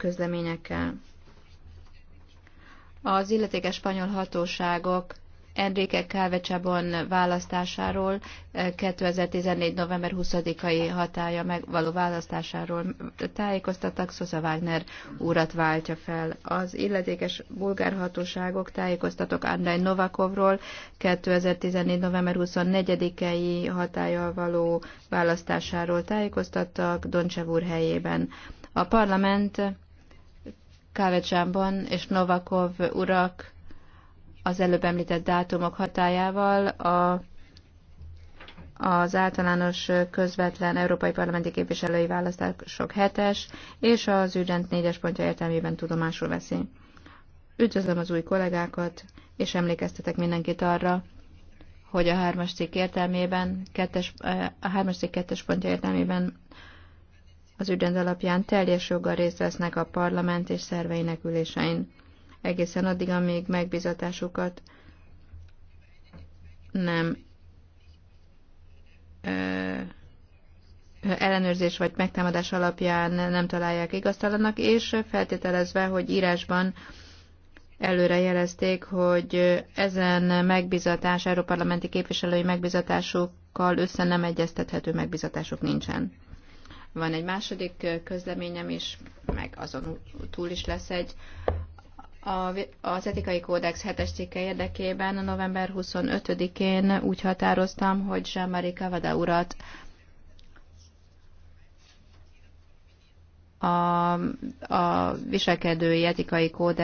közleményekkel. Az illetékes spanyol hatóságok Enrique Calvecsabon választásáról 2014. Eh, november 20-ai hatája megvaló választásáról tájékoztattak, Sosa Wagner úrat váltja fel. Az illetékes bulgár hatóságok tájékoztatok Andrei Novakovról 2014. november 24-i hatája való választásáról tájékoztattak Doncsev úr helyében. A parlament Kávecsánban és Novakov urak az előbb említett dátumok hatájával a, az általános közvetlen európai parlamenti képviselői választások hetes és az ügyrend 4-es pontja értelmében tudomásul veszi. Üdvözlöm az új kollégákat, és emlékeztetek mindenkit arra, hogy a hármas cikk értelmében, kettes, a hármas cikk kettes pontja értelmében az ügyrend alapján teljes joggal részt vesznek a parlament és szerveinek ülésein, egészen addig, amíg megbizatásukat nem ö, ellenőrzés vagy megtámadás alapján nem találják igaztalannak, és feltételezve, hogy írásban előre jelezték, hogy ezen megbizatás, európarlamenti képviselői megbizatásukkal össze nem egyeztethető megbizatásuk nincsen. Van egy második közleményem is, meg azon túl is lesz egy. A, az etikai kódex hetes cikke érdekében a november 25-én úgy határoztam, hogy Jean-Marie Cavada urat a, a viselkedői etikai kódex